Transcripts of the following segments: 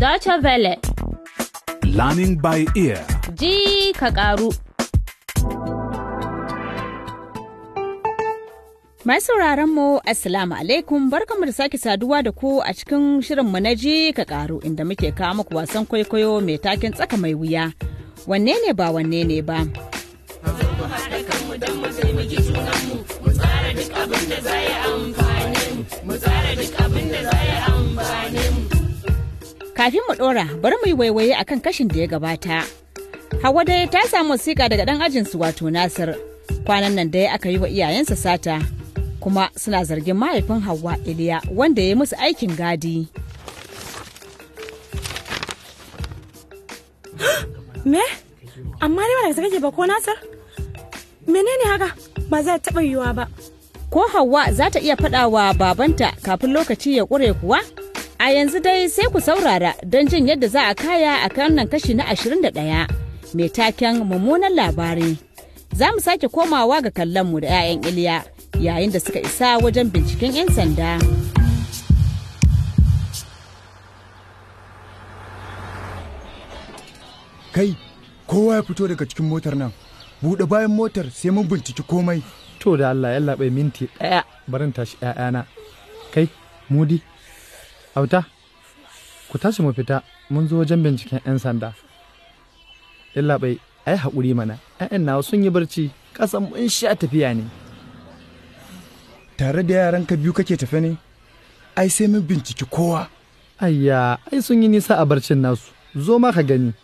Dacha Vele. Learning by ear. Ji ka karu. mai sauraron mu Assalamu alaikum barkamu da sake saduwa da ku a cikin shirin mu na ji ka karu inda muke kawo muku wasan kwaikwayo mai taken tsaka mai wuya. Wanne ne ba wanne ne ba. don mu taimaki mu tsara duk abin da za yi amfani mu tsara duk abin da za yi amfani Kafin mu ɗora bari mu yi waiwaye kan kashin da ya gabata. Hawa dai ta samu wasiƙa daga ɗan ajinsu wato Nasir. Kwanan nan dai aka yi wa iyayensa sata kuma suna zargin mahaifin Hauwa Iliya wanda ya yi musu aikin gadi. Me? Amma dai da kake ba ko Nasir? Menene haka? Ba za ta ba. Ko Hauwa za ta iya faɗawa babanta kafin lokaci ya ƙure kuwa? A yanzu dai sai ku saurara don jin yadda za a kaya a nan kashi na 21 mai taken mummunan labarai Za mu sake komawa ga kallonmu da 'ya'yan Iliya yayin da suka isa wajen binciken 'yan sanda. Kai, kowa ya fito daga cikin motar nan. Buɗe bayan motar sai mun binciki komai. To da Allah ya minti ɗaya barin tashi 'ya'yana. Kai, mudi. Auta, ku tashi mu fita mun zo wajen binciken 'yan sanda. Yallaɓai, ai haƙuri mana, 'ya'yan nawa sun yi barci, ƙasan mun sha tafiya ne. Tare da yaran ka biyu kake tafe ne? Ai sai mun binciki kowa. Ayya, ai sun yi nisa a barcin nasu, zo ma ka gani.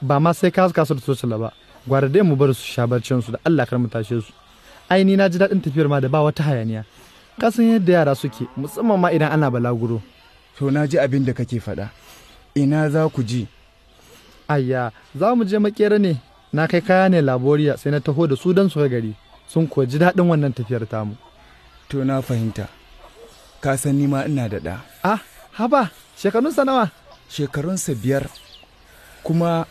Ba ma sai ka kasu da sosala ba, gwara dai mu bar su sha barcin da Allah kar mu tashe su. Ai ni na ji daɗin tafiyar ma da ba wata hayaniya. Kasan yadda yara suke, musamman ma idan ana balaguro. to na ji abin da kake faɗa ina za ku ji ayya za mu je makera ne na kai kaya ne laboriya sai na taho da su don su gari sun kuwa ji daɗin wannan tafiyar tamu to na fahimta ka san ni ma ina da ɗa ah haba sa nawa shekarunsa biyar kuma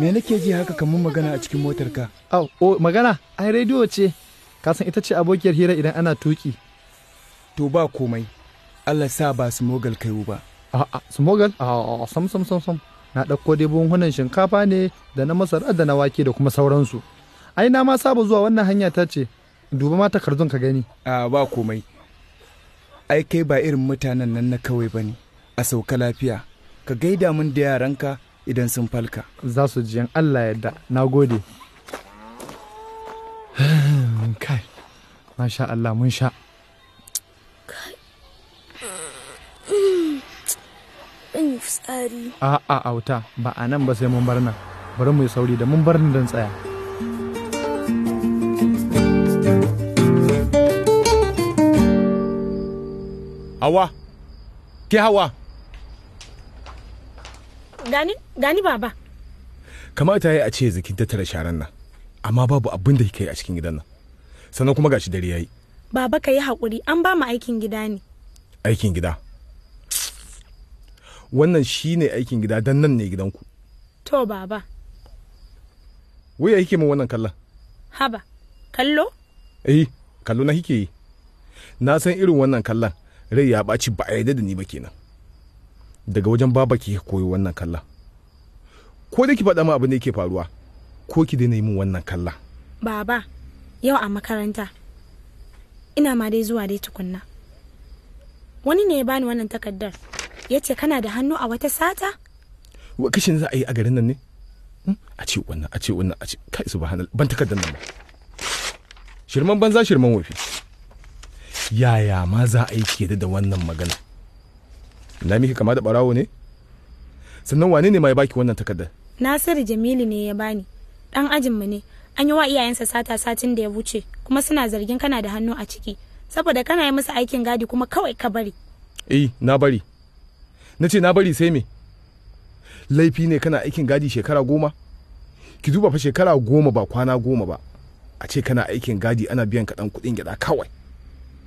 me nake ji haka kamar magana a cikin motarka au oh, magana ai rediyo ce kasan ita ce abokiyar hira idan ana tuki to ba komai Allah sa ba su mogal kaiwu ba a'a su mogal a'a sam sam sam sam na ɗauko dai hunan shinkafa ne da na masara da na wake da kuma sauransu ai na ma saba zuwa wannan hanya ta ce duba ma takardun ka gani a ba komai ai kai ba irin mutanen nan na kawai bane a sauka lafiya ka gaida min da yaranka idan sun falka za su jiyan Allah yadda na gode mun kai masha Allah mun sha in yi fitsari a a auta ba a nan ba sai mun bar nan bari mu yi sauri da mun bar nan don tsaya hawa ke hawa gani gani baba kamata ya yi a ce zikin tattara sharan nan amma babu abin da kai a cikin gidan nan sannan kuma gashi dare yayi baba ka yi haƙuri an ba mu aikin gida ne aikin gida wannan shine aikin gida dan nan ne gidanku to baba waya yake min wannan kallon haba kallo eh kallo na hike yi na san irin wannan kallon rai ya ɓaci ba a da ni ba kenan daga wajen baba ki koyo wannan kallon ko da ki faɗa min abin da yake faruwa ko ki daina yi min wannan kallon baba yau a makaranta ina ma dai zuwa dai tukunna wani ne ya bani wannan takardar ya ce kana da hannu a wata sata wa kishin za a yi a garin nan ne hmm? a ce wannan a ce wannan a ce kai subhanallah ban takardar nan ba shirman banza shirman wafi yaya ma za a yi ke da wannan magana na miki kama da barawo ne sannan wane ne ma ya baki wannan takardar nasiru jamilu ne ya bani dan ajinmu ne an yi wa iyayensa sata satin da ya wuce kuma suna zargin kana da hannu a ciki saboda kana yi musu aikin gadi kuma kawai ka bari eh na bari na ce na bari sai me laifi ne kana aikin gadi shekara goma ki duba fa shekara goma ba kwana goma ba a ce kana aikin gadi ana biyan kaɗan dan kuɗin gyaɗa kawai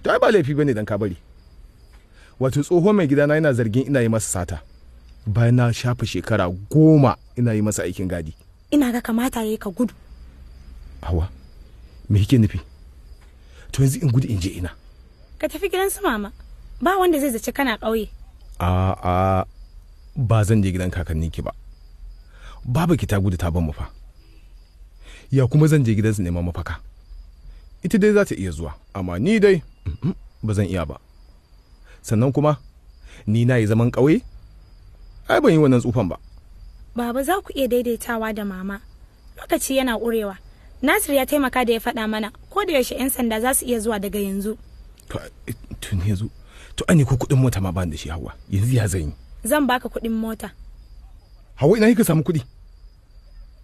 to ai ba laifi bane dan ka bari wato tsohon mai gidana yana zargin ina yi masa sata bayan na shafa shekara goma ina yi masa aikin gadi ina ga kamata yayi ka gudu hawa me kike nufi to yanzu in gudu in je ina ka tafi gidan su mama ba wanda zai zace kana ƙauye a a ba zan je gidan kakannin ki ba babu ki ta gudu ta ban mu fa ya kuma zan je gidansu neman mafaka ita dai za ta iya zuwa amma ni dai ba zan iya ba sannan kuma ni na yi zaman ƙauye ai ban yi wannan tsufan ba baba za ku iya daidaitawa da mama lokaci yana ƙurewa nasir ya taimaka da ya faɗa mana ko da yaushe 'yan sanda za su iya zuwa daga yanzu tun yanzu to ani ko kuɗin mota ma ban da shi hawa yanzu ya zan zan baka kuɗin mota hawa ina kika samu kuɗi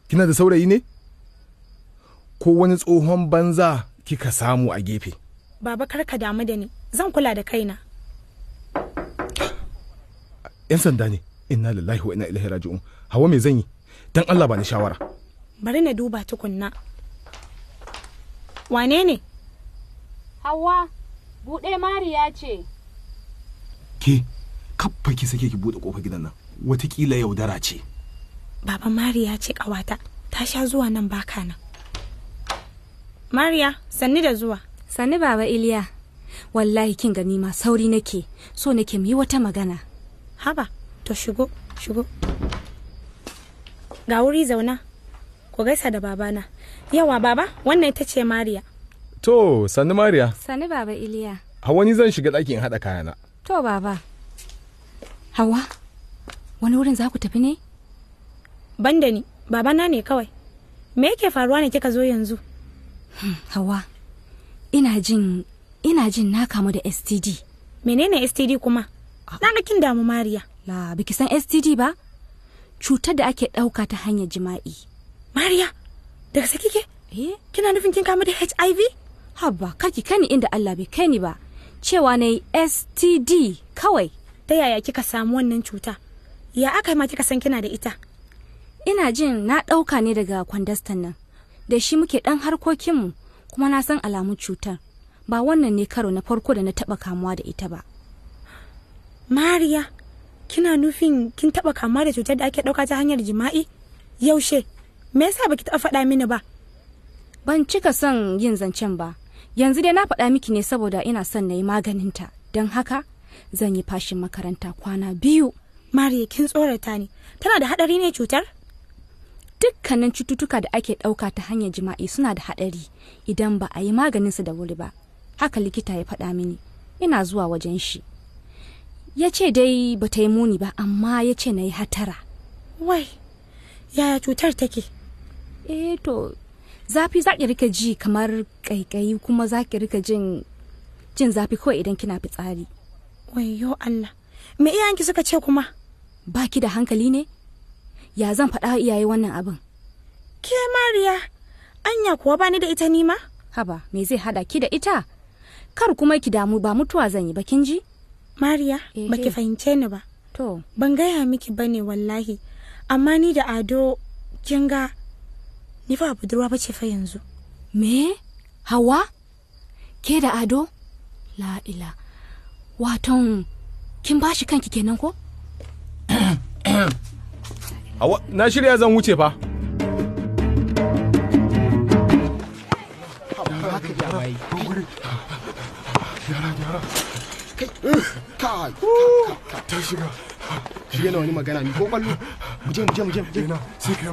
kina da saurayi ne ko wani tsohon banza kika samu a gefe baba kar ka damu da ni zan kula da kaina 'yan sanda ne inna lillahi wa inna ilaihi raji'un hawa me zan yi dan Allah ba ni shawara bari na duba tukunna wane ne? Hawa, buɗe Mariya ce. Ke, kaffa ki sake ki buɗe ƙofar gidan nan, watakila yaudara ce. Baba Mariya ce ƙawata, ta sha zuwa nan baka nan. Mariya, sanni da zuwa. Sanni Baba Iliya, wallahi kin gani ma sauri nake, so nake mu yi wata magana. Haba, to shigo, shigo. Ga wuri zauna. ku gaisa da babana yawa baba wannan ita ce mariya to sani mariya sani baba iliya hawa ni zan shiga ɗakin haɗa kayana to baba hawa wani wurin za ku tafi ne ban da ni babana ne kawai me yake faruwa ne kika zo yanzu hmm, hawa ina jin ina jin na kamu da std menene std kuma ah. Na na kin damu mariya la biki san std ba cutar da ake ɗauka ta hanyar jima'i Mariya, daga saki ke? Eh? Kina nufin kin kama da HIV? Habba, kaki kani inda Allah bai kai ni ba. Cewa na yi STD kawai. Ta yaya kika samu wannan cuta? Ya aka ma kika san kina da ita? Ina jin na ɗauka ne daga kwandastan nan. Da shi muke ɗan harkokinmu kuma na san alamun cutar. Ba wannan ne karo na farko da na taɓa kamuwa da ita ba. Mariya, kina nufin kin taɓa kamuwa da cutar da ake ɗauka ta hanyar jima'i? Yaushe? me yasa baki taɓa faɗa mini ba ban cika son yin zancen ba yanzu dai na faɗa miki ne saboda ina son na yi ta. don haka zan yi fashin makaranta kwana biyu mariya kin tsorata ne tana da haɗari ne cutar dukkanin cututtuka da ake ɗauka ta hanyar jima'i suna da haɗari idan ba a yi maganinsu da wuri ba haka likita ya faɗa mini ina zuwa wajen shi ya ce dai ba ta yi muni ba amma ya ce na yi hatara wai yaya cutar take eh to zafi za ki rika ji kamar kaikayi kuma za ki rika jin jin zafi ko idan kina fitsari wayo Allah me iyayenki suka ce kuma ba ki da hankali ne ya zan faɗa iyaye wannan abin ke mariya anya kuwa bani da ita nima haba me zai hada ki da ita kar kuma ki damu ba mutuwa zan yi ba kin ji mariya eh, baki eh. fahimce ni ba to ban gaya miki bane wallahi amma ni da ado kin ga ni fa budurwa bace fa yanzu me hawa ke da ado la'ila waton kin bashi kanki kenan ko hawa na shirya zan wuce fa ta shiga wani magana ni ko kwallo mu je mu je mu je sai kai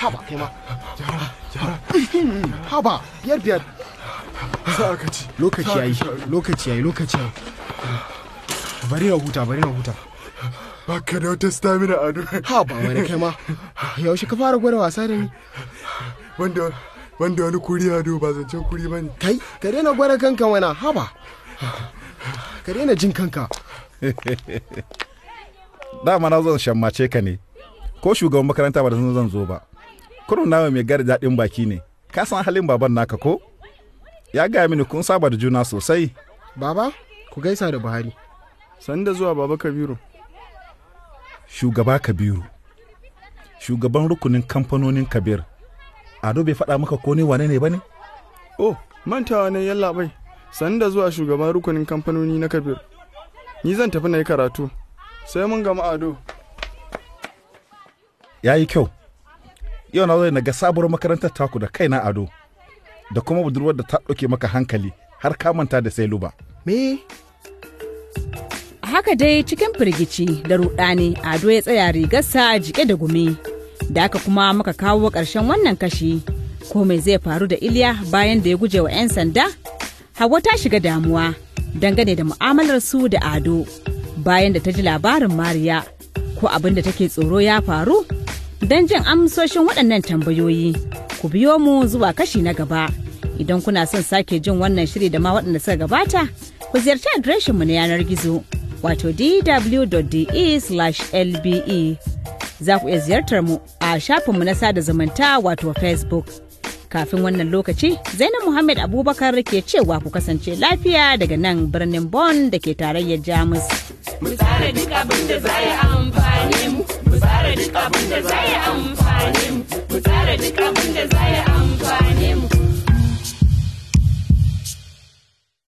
haba kai ma haba biyar biyar lokaci yayi lokaci yayi lokaci yayi bari na huta bari na huta baka da wata stamina a duk ha ba wani kai ma yaushe ka fara gwada wasa da ni wanda wanda wani kuri ya ba can kuri bane kai ka daina gwada kanka wana, haba ka daina jin kanka dama na zan shammace ka ne ko shugaban makaranta ba da zan zo ba kurun nawa mai gari daɗin baki ne ka san halin baban naka ko ya gaya mini kun saba da juna sosai baba ku gaisa da buhari da zuwa baba kabiru shugaba kabiru shugaban rukunin kamfanonin kabir ado bai faɗa maka ko ne wane ne ba ne oh mantawa ne yalla bai da zuwa shugaban rukunin kamfanoni na kabir ni zan tafi na yi karatu sai mun gama ado ya yi kyau yau na zo na ga sabuwar makarantar taku da kaina ado da kuma budurwar da ta ɗauke maka hankali har ka manta da sai luba me haka dai cikin firgici da rudani ado ya tsaya rigarsa jike da gumi da aka kuma maka kawo ƙarshen wannan kashi ko mai zai faru da iliya bayan da ya guje wa 'yan sanda hawa ta shiga damuwa dangane da mu'amalar su da ado bayan da ta ji labarin mariya ko abin da take tsoro ya faru Don jin amsoshin waɗannan tambayoyi, ku biyo mu zuwa kashi na gaba. Idan kuna son sake jin wannan shiri da ma waɗanda suka gabata, ku ziyarci mu na yanar gizo, wato dw.de/lbe. E. Za ku iya ziyartar mu a shafin mu na sada zumunta wato Facebook. Kafin wannan lokaci, Zainab Muhammad Abubakar ke cewa ku kasance lafiya daga nan birnin Bon da ke tarayyar Jamus. mu tsara duk abin da mu mu tsara duk mu mu